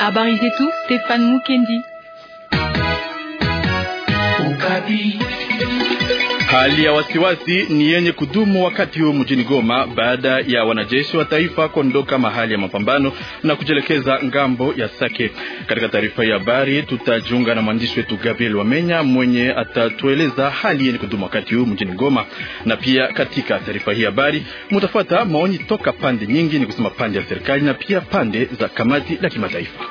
Habari tout, Stéphane Mukendi. Hali ya wasiwasi ni yenye kudumu wakati huu mjini Goma baada ya wanajeshi wa taifa kuondoka mahali ya mapambano na kujielekeza ngambo ya Sake. Katika taarifa ya habari tutajiunga na mwandishi wetu Gabriel Wamenya mwenye atatueleza hali yenye kudumu wakati huu mjini Goma, na pia katika taarifa hii habari mutafuata maoni toka pande nyingi, ni kusema pande ya serikali na pia pande za kamati la kimataifa.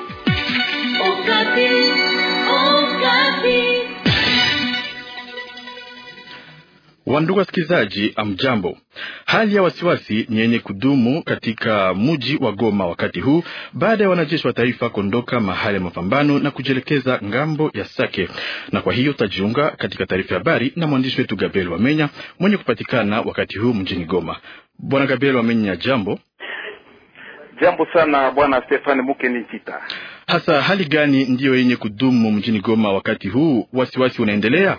Wandugu wasikilizaji, amjambo. Hali ya wasiwasi ni yenye kudumu katika mji wa Goma wakati huu baada ya wanajeshi wa taifa kuondoka mahali ya mapambano na kujielekeza ngambo ya Sake. Na kwa hiyo tajiunga katika taarifa ya habari na mwandishi wetu Gabriel Wamenya mwenye kupatikana wakati huu mjini Goma. Bwana Gabriel Wamenya, jambo. Jambo sana bwana Stefani Mukeni Hasa hali gani ndiyo yenye kudumu mjini Goma wakati huu, wasiwasi unaendelea?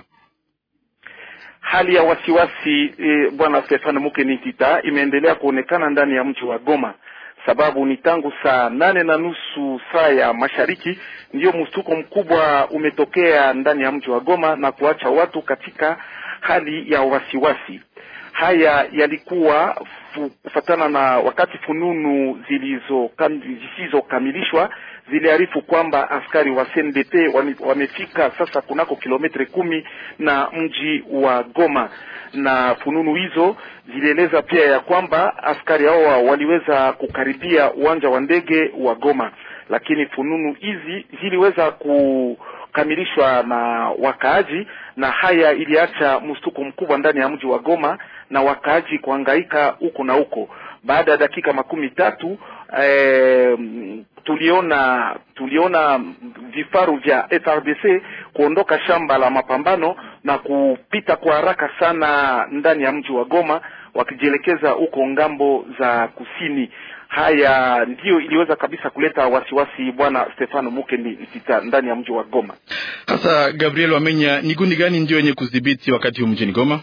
Hali ya wasiwasi e, bwana Stefan Mukeni Tita, imeendelea kuonekana ndani ya mji wa Goma sababu ni tangu saa nane na nusu saa ya mashariki ndiyo mshtuko mkubwa umetokea ndani ya mji wa Goma na kuacha watu katika hali ya wasiwasi haya yalikuwa kufatana na wakati fununu zilizo zisizokamilishwa ziliarifu kwamba askari wa CNDP wamefika sasa kunako kilometre kumi na mji wa Goma, na fununu hizo zilieleza pia ya kwamba askari hao waliweza kukaribia uwanja wa ndege wa Goma, lakini fununu hizi ziliweza ku kamilishwa na wakaaji na haya iliacha mshtuko mkubwa ndani ya mji wa Goma na wakaaji kuangaika huko na huko. Baada ya dakika makumi tatu e, tuliona tuliona vifaru vya FRDC kuondoka shamba la mapambano na kupita kwa haraka sana ndani ya mji wa Goma wakijielekeza huko ngambo za kusini. Haya ndiyo iliweza kabisa kuleta wasiwasi, Bwana Stefano Mukendi Ntita, ndani ya mji wa Goma. Sasa Gabriel Wamenya, ni kundi gani ndio yenye kudhibiti wakati huu mjini Goma?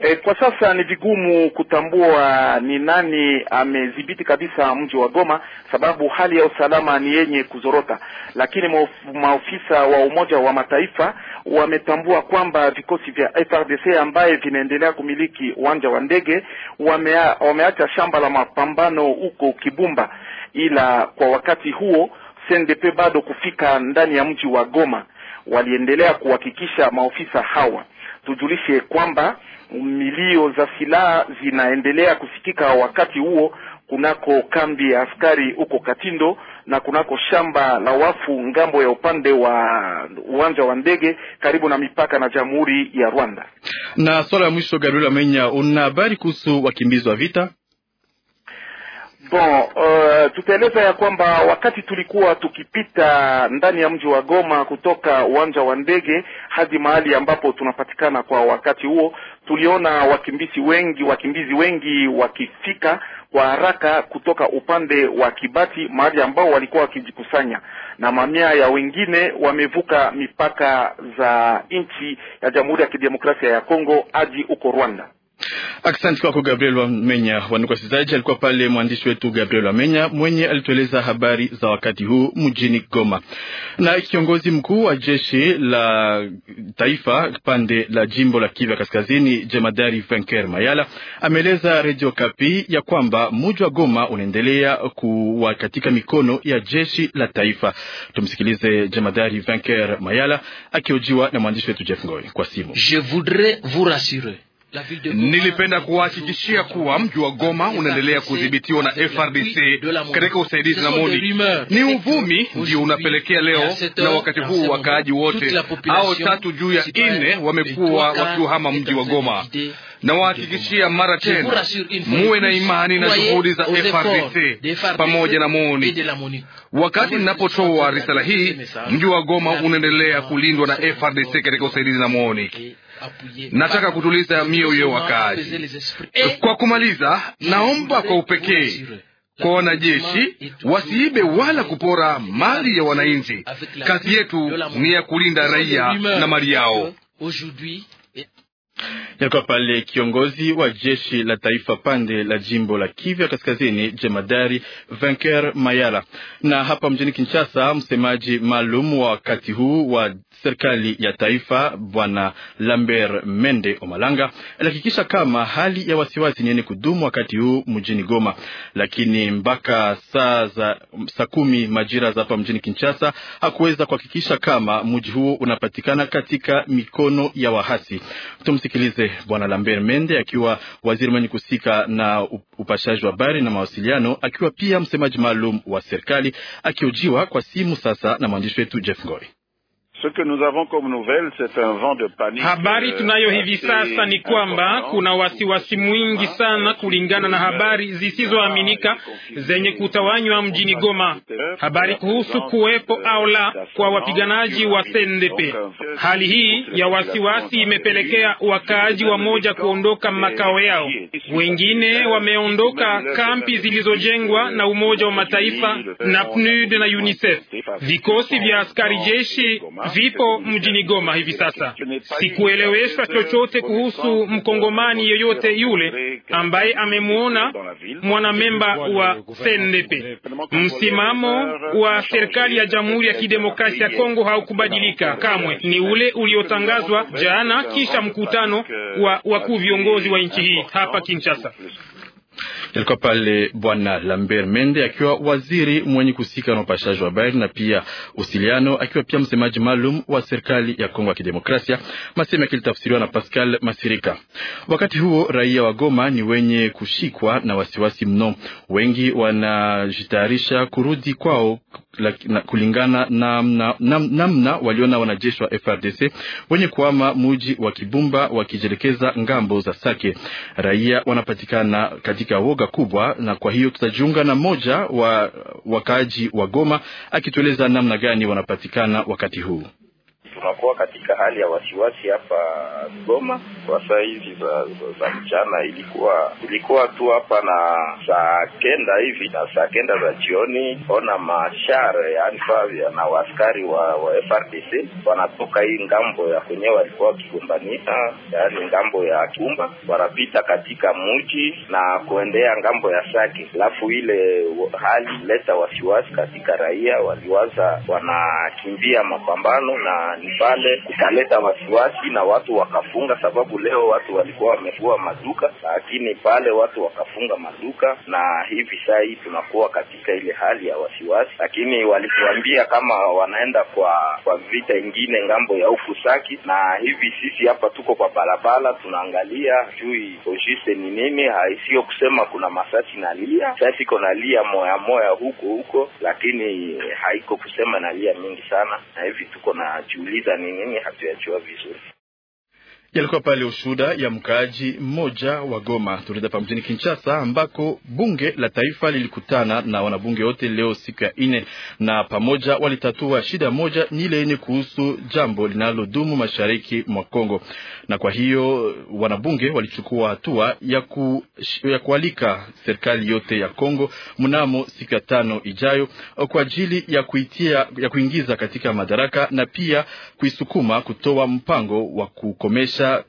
E, kwa sasa ni vigumu kutambua ni nani amedhibiti kabisa mji wa Goma, sababu hali ya usalama ni yenye kuzorota, lakini maofisa wa Umoja wa Mataifa wametambua kwamba vikosi vya FRDC ambaye vinaendelea kumiliki uwanja wa ndege wamea, wameacha shamba la mapambano huko Kibumba, ila kwa wakati huo CNDP bado kufika ndani ya mji wa Goma. Waliendelea kuhakikisha maofisa hawa tujulishe kwamba milio za silaha zinaendelea kusikika wakati huo kunako kambi ya askari huko Katindo na kunako shamba la wafu ngambo ya upande wa uwanja wa ndege karibu na mipaka na Jamhuri ya Rwanda. Na swala ya mwisho, Gabriel Amenya, una habari kuhusu wakimbizi wa vita? Bon, uh, eh, tutaeleza ya kwamba wakati tulikuwa tukipita ndani ya mji wa Goma kutoka uwanja wa ndege hadi mahali ambapo tunapatikana kwa wakati huo, tuliona wakimbizi wengi wakimbizi wengi wakifika kwa haraka kutoka upande wa Kibati mahali ambao walikuwa wakijikusanya, na mamia ya wengine wamevuka mipaka za nchi ya Jamhuri ya Kidemokrasia ya Kongo hadi huko Rwanda. Aksanti kwako Gabriel Wamenya. Wandugu wasikilizaji, alikuwa pale mwandishi wetu Gabriel Wamenya mwenye alitueleza habari za wakati huu mjini Goma. Na kiongozi mkuu wa jeshi la taifa pande la jimbo la Kivu Kaskazini, jemadari Venker Mayala ameeleza Radio Kapi ya kwamba muji wa Goma unaendelea kuwa katika mikono ya jeshi la taifa. Tumsikilize jemadari Venker Mayala akiojiwa na mwandishi wetu Jeff Ngoi kwa simu. Je voudrais vous rassurer Nilipenda kuwahakikishia kuwa mji wa Goma unaendelea kudhibitiwa na FRDC katika usaidizi na MONUC. Ni uvumi ndio unapelekea leo na wakati huu wakaaji wote au tatu juu ya nne wamekuwa wakiuhama mji wa Goma. Nawahakikishia mara tena, muwe na imani na juhudi za FRDC pamoja na MONI. Wakati ninapotoa risala hii, mji wa Goma unaendelea kulindwa na FRDC katika usaidizi na MONI. Nataka kutuliza mioyo wakazi. Eh, kwa kumaliza, naomba kwa upekee kwa wanajeshi wasiibe wala kupora mali ya wananchi. Kazi yetu ni ya kulinda raia na mali yao. Jacob Pale, kiongozi wa jeshi la taifa pande la jimbo la Kivu ya Kaskazini, jemadari Venker mayala Na hapa mjini Kinshasa, msemaji maalum wa wakati huu wa serikali ya taifa bwana Lambert Mende Omalanga alihakikisha kama hali ya wasiwasi ni yenye kudumu wakati huu mjini Goma, lakini mpaka saa za saa kumi majira za hapa mjini Kinshasa hakuweza kuhakikisha kama mji huo unapatikana katika mikono ya wahasi Tumse Tumsikilize Bwana Lambert Mende akiwa waziri mwenye kusika na upashaji wa habari na mawasiliano, akiwa pia msemaji maalum wa serikali, akiojiwa kwa simu sasa na mwandishi wetu Jeff Ngoi. Habari tunayo hivi sasa ni kwamba kuna wasiwasi mwingi ah, sana, euh, kulingana na habari zisizoaminika zenye kutawanywa mjini Goma, habari kuhusu kuwepo euh, au la kwa wapiganaji wa CNDP. Hali hii ya wasiwasi imepelekea wakaaji wa moja kuondoka makao yao, wengine wameondoka kampi zilizojengwa na Umoja wa Mataifa na PNUD na UNICEF. Vikosi vya askari jeshi vipo mjini Goma hivi sasa. Sikueleweshwa chochote kuhusu mkongomani yoyote yule ambaye amemwona mwanamemba wa CNDP. Msimamo wa serikali ya Jamhuri ya Kidemokrasia ya Kongo haukubadilika kamwe, ni ule uliotangazwa jana kisha mkutano wa wakuu viongozi wa nchi hii hapa Kinshasa. Yalikuwa pale bwana Lambert Mende akiwa waziri mwenye kusika na upashaji wa habari na pia usiliano, akiwa pia msemaji maalum wa serikali ya Kongo ya Kidemokrasia, maseme yakilitafsiriwa na Pascal Masirika. Wakati huo raia wa Goma ni wenye kushikwa na wasiwasi mno, wengi wanajitayarisha kurudi kwao na kulingana na namna na, na, na waliona wanajeshi wa FRDC wenye kuama muji wa Kibumba wakijielekeza ngambo za Sake. Raia wanapatikana katika woga duka kubwa, na kwa hiyo tutajiunga na mmoja wa wakaaji wa Goma akitueleza namna gani wanapatikana wakati huu tunakuwa katika hali ya wasiwasi hapa Goma kwa saa hizi za, za, za mchana. Ilikuwa ilikuwa tu hapa na saa kenda hivi na saa kenda za jioni, ona mashare yani Fabia na waaskari wa, wa FRDC wanatoka hii ngambo ya kwenyewe walikuwa wakigombania, yani ngambo ya Kumba, wanapita katika mji na kuendea ngambo ya Sake, alafu ile hali leta wasiwasi katika raia, waliwaza wanakimbia mapambano na ni pale ikaleta wasiwasi na watu wakafunga, sababu leo watu walikuwa wamefua maduka, lakini pale watu wakafunga maduka, na hivi saa hii tunakuwa katika ile hali ya wasiwasi, lakini walituambia kama wanaenda kwa kwa vita ingine ngambo ya huku Saki, na hivi sisi hapa tuko kwa barabara tunaangalia jui ojiste ni nini, haisiyo kusema kuna masasi nalia sasi iko nalia moya moya huko huko, lakini haiko kusema nalia mingi sana, na hivi tuko na juli aliuliza ni nini hatuyajua vizuri yalikuwa pale ushuhuda ya mkaaji mmoja wa Goma. Turudi pa mjini Kinshasa ambako bunge la taifa lilikutana na wanabunge wote leo siku ya nne, na pamoja walitatua shida moja ni ile yenye kuhusu jambo linalodumu mashariki mwa Kongo, na kwa hiyo wanabunge walichukua hatua ya, ku, ya kualika serikali yote ya Kongo mnamo siku ya tano ijayo kwa ajili ya, kuitia, ya kuingiza katika madaraka na pia kuisukuma kutoa mpango wa kukomesha kukomesha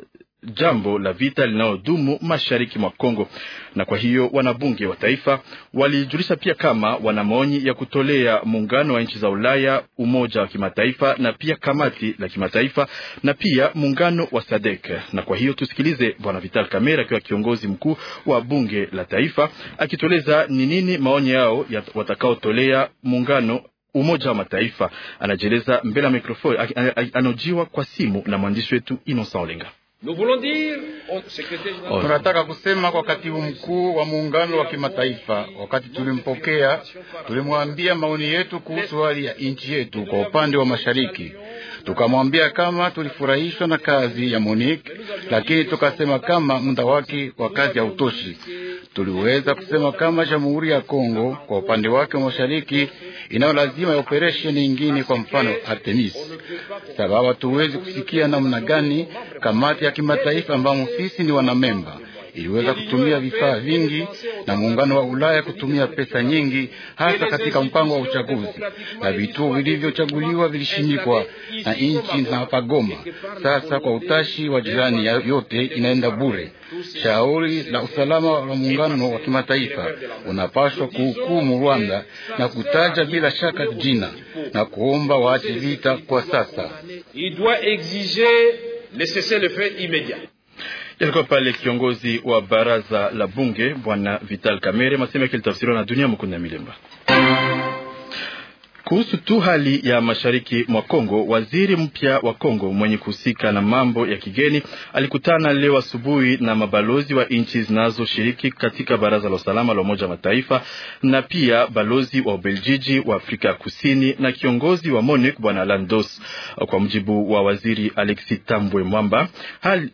jambo la vita linalodumu mashariki mwa Kongo. Na kwa hiyo wanabunge wa taifa walijulisha pia kama wana maoni ya kutolea muungano wa nchi za Ulaya, umoja wa kimataifa na pia kamati la kimataifa na pia muungano wa SADC. Na kwa hiyo tusikilize bwana Vital Kamera akiwa kiongozi mkuu wa bunge la taifa akitueleza ni nini maoni yao ya watakaotolea muungano Umoja wa Mataifa. Anajieleza mbele ya mikrofoni, anaojiwa kwa simu na mwandishi wetu Innocent Olenga. Oh, Tunataka kusema kwa katibu mkuu wa muungano wa kimataifa. Wakati tulimpokea, tulimwambia maoni yetu kuhusu hali ya nchi yetu kwa upande wa mashariki Tukamwambia kama tulifurahishwa na kazi ya Monique, lakini tukasema kama muda wake wa kazi hautoshi. Tuliweza kusema kama Jamhuri ya Kongo kwa upande wake mashariki inayo lazima ya operesheni nyingine, kwa mfano Artemis, sababu hatuwezi kusikia namna gani kamati ya kimataifa ambamo sisi ni wanamemba iliweza kutumia vifaa vingi na muungano wa Ulaya kutumia pesa nyingi, hasa katika mpango wa uchaguzi, na vituo vilivyochaguliwa vilishimikwa na nchi na pagoma. Sasa kwa utashi wa jirani yote inaenda bure. Shauri la usalama wa muungano wa kimataifa unapaswa kuhukumu Rwanda na kutaja bila shaka jina na kuomba waache vita kwa sasa. Il doit exiger le cessez-le-feu immédiat. Yalikuwa pale kiongozi wa baraza la bunge bwana Vital Kamerhe, masema yake na Dunia Mukunda Milemba. Kuhusu tu hali ya mashariki mwa Kongo, waziri mpya wa Kongo mwenye kuhusika na mambo ya kigeni alikutana leo asubuhi na mabalozi wa nchi zinazoshiriki katika baraza la usalama la Umoja wa Mataifa na pia balozi wa Ubeljiji wa Afrika ya Kusini na kiongozi wa MONUC bwana Landos. Kwa mujibu wa waziri Alexi Tambwe Mwamba,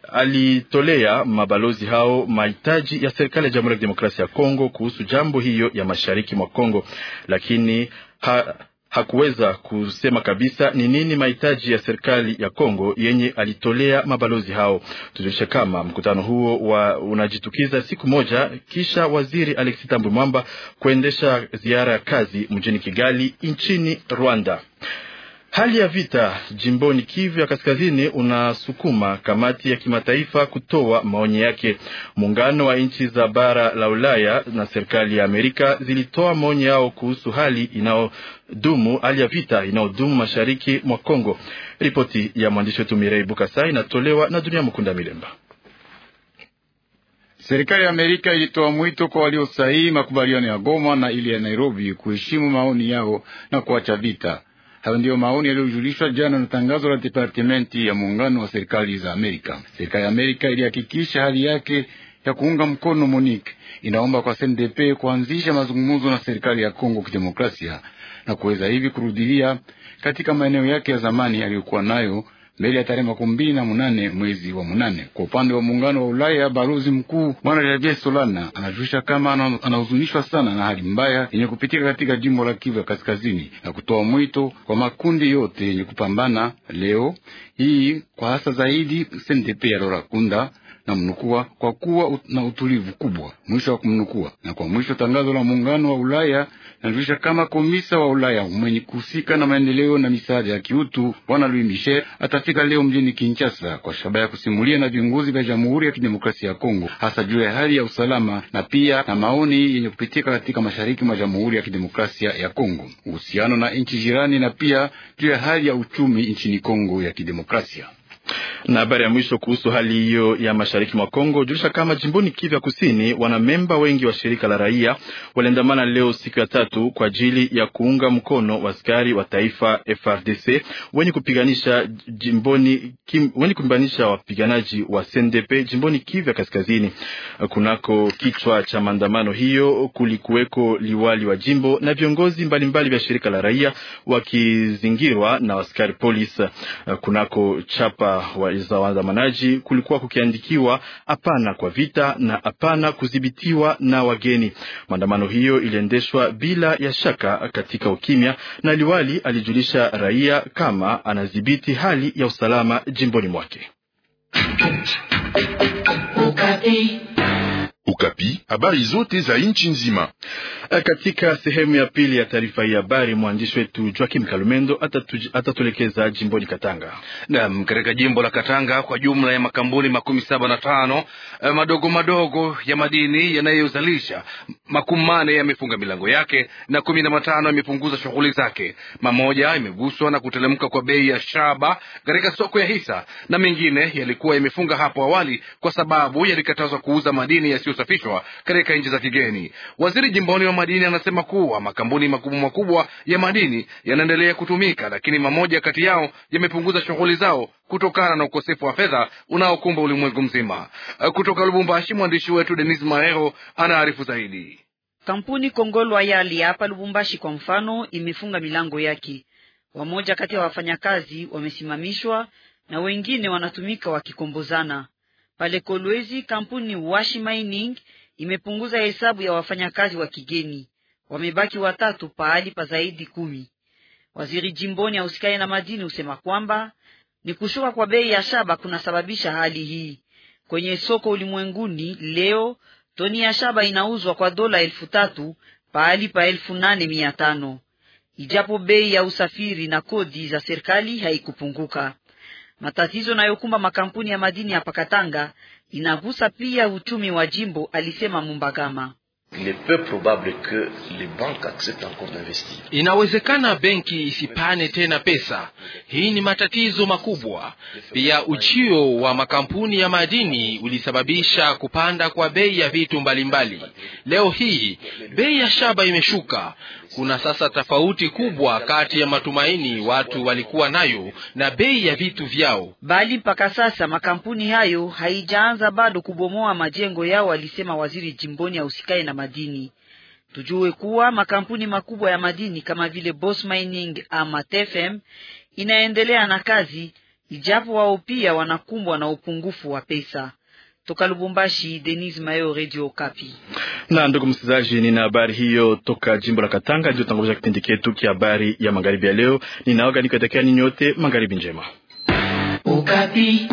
alitolea mabalozi hao mahitaji ya serikali ya Jamhuri ya Kidemokrasia ya Kongo kuhusu jambo hiyo ya mashariki mwa Kongo, lakini ha hakuweza kusema kabisa ni nini mahitaji ya serikali ya Kongo yenye alitolea mabalozi hao. Tujulishe kama mkutano huo wa unajitukiza siku moja kisha waziri Alexis Thambwe Mwamba kuendesha ziara ya kazi mjini Kigali nchini Rwanda. Hali ya vita jimboni Kivu ya Kaskazini unasukuma kamati ya kimataifa kutoa maoni yake. Muungano wa nchi za bara la Ulaya na serikali ya Amerika zilitoa maoni yao kuhusu hali inayodumu, hali ya vita inayodumu mashariki mwa Kongo. Ripoti ya mwandishi wetu Mirei Bukasa inatolewa na Dunia Mukunda Milemba. Serikali ya Amerika ilitoa mwito kwa waliosahihi makubaliano ya Goma na ile ya Nairobi kuheshimu maoni yao na kuacha vita. Hayo ndiyo maoni yaliyojulishwa jana na tangazo la departementi ya muungano wa serikali za Amerika. Serikali ya Amerika ilihakikisha hali yake ya kuunga mkono Monique. Inaomba kwa CNDP kuanzisha mazungumzo na serikali ya Kongo Kidemokrasia na kuweza hivi kurudilia katika maeneo yake ya zamani aliyokuwa nayo mbele ya tarehe makumi mbili na munane mwezi wa munane. Kwa upande wa muungano wa Ulaya, balozi mkuu bwana Javier Solana anajulisha kama anahuzunishwa sana na hali mbaya yenye kupitika katika jimbo la Kivu ya kaskazini na kutoa mwito kwa makundi yote yenye kupambana leo hii kwa hasa zaidi SNDP ya Lorakunda na mnukua, kwa kuwa na utulivu kubwa, mwisho wa kumnukua. Na kwa mwisho tangazo la muungano wa Ulaya linajulisha kama komisa wa Ulaya mwenye kuhusika na maendeleo na misaada ya kiutu Bwana Louis Michel atafika leo mjini Kinshasa kwa shabaha ya kusimulia na viongozi vya Jamhuri ya Kidemokrasia ya Kongo, hasa juu ya hali ya usalama na pia na maoni yenye kupitika katika mashariki mwa Jamhuri ya Kidemokrasia ya Kongo, uhusiano na nchi jirani na pia juu ya hali ya uchumi nchini Kongo ya Kidemokrasia. Na habari ya mwisho kuhusu hali hiyo ya mashariki mwa Kongo, julisha kama jimboni Kivu Kusini, wanamemba wengi wa shirika la raia waliandamana leo siku ya tatu kwa ajili ya kuunga mkono waskari wa taifa FRDC wenye kupiganisha jimboni kim, wenye kupiganisha wapiganaji wa CNDP jimboni Kivu ya Kaskazini. Kunako kichwa cha maandamano hiyo kulikuweko liwali wa jimbo na viongozi mbalimbali vya shirika la raia wakizingirwa na waskari polisi. Kunako chapa wa za waandamanaji kulikuwa kukiandikiwa hapana kwa vita na hapana kudhibitiwa na wageni. Maandamano hiyo iliendeshwa bila ya shaka katika ukimya, na liwali alijulisha raia kama anadhibiti hali ya usalama jimboni mwake. Ukapi, habari zote za nchi nzima. Eh, katika sehemu ya pili ya taarifa hii habari, mwandishi wetu Joakim Kalumendo atatuelekeza jimboni Katanga. Naam, katika jimbo la Katanga kwa jumla ya makampuni makumi saba na tano eh, madogo madogo ya madini yanayozalisha makumi yamefunga milango yake na kumi na matano yamepunguza shughuli zake. Mamoja imeguswa na kutelemka kwa bei ya shaba katika soko ya hisa, na mengine yalikuwa yamefunga hapo awali kwa sababu yalikatazwa kuuza madini yasiyosafishwa katika nchi za kigeni. Waziri jimboni wa madini anasema kuwa makampuni makubwa makubwa ya madini yanaendelea kutumika, lakini mamoja kati yao yamepunguza shughuli zao kutokana na ukosefu wa fedha unaokumba ulimwengu mzima. Kutoka Lubumbashi, mwandishi wetu Denis Marero anaarifu zaidi. Kampuni Kongolwa Yali hapa Lubumbashi kwa mfano imefunga milango yake. Wamoja kati ya wafanyakazi wamesimamishwa na wengine wanatumika wakikombozana. Pale Kolwezi, kampuni Washi Mining imepunguza hesabu ya wafanyakazi wa kigeni, wamebaki watatu pahali pa zaidi kumi. Waziri jimboni usikani na madini husema kwamba ni kushuka kwa bei ya shaba kunasababisha hali hii. Kwenye soko ulimwenguni leo toni ya shaba inauzwa kwa dola elfu tatu pahali pa elfu nane mia tano ijapo bei ya usafiri na kodi za serikali haikupunguka. Matatizo nayokumba makampuni ya madini hapa Katanga inagusa pia uchumi wa jimbo, alisema Mumbagama. Inawezekana benki isipane tena pesa. Hii ni matatizo makubwa. Pia ujio wa makampuni ya madini ulisababisha kupanda kwa bei ya vitu mbalimbali mbali. Leo hii bei ya shaba imeshuka. Kuna sasa tofauti kubwa kati ya matumaini watu walikuwa nayo na bei ya vitu vyao. Bali mpaka sasa makampuni hayo haijaanza bado kubomoa majengo yao, alisema waziri jimboni ahusikaye na madini. Tujue kuwa makampuni makubwa ya madini kama vile Boss Mining ama TFM inaendelea na kazi, ijapo wao pia wanakumbwa na upungufu wa pesa. Toka Lubumbashi, Denis Mayo, Radio Kapi. Na ndugu msikilizaji, nina habari hiyo toka jimbo la Katanga ndio tangulisha kipindi chetu kia habari ya magharibi ya leo. Ninaoga nikutakia ninyote magharibi njema. Ukapi.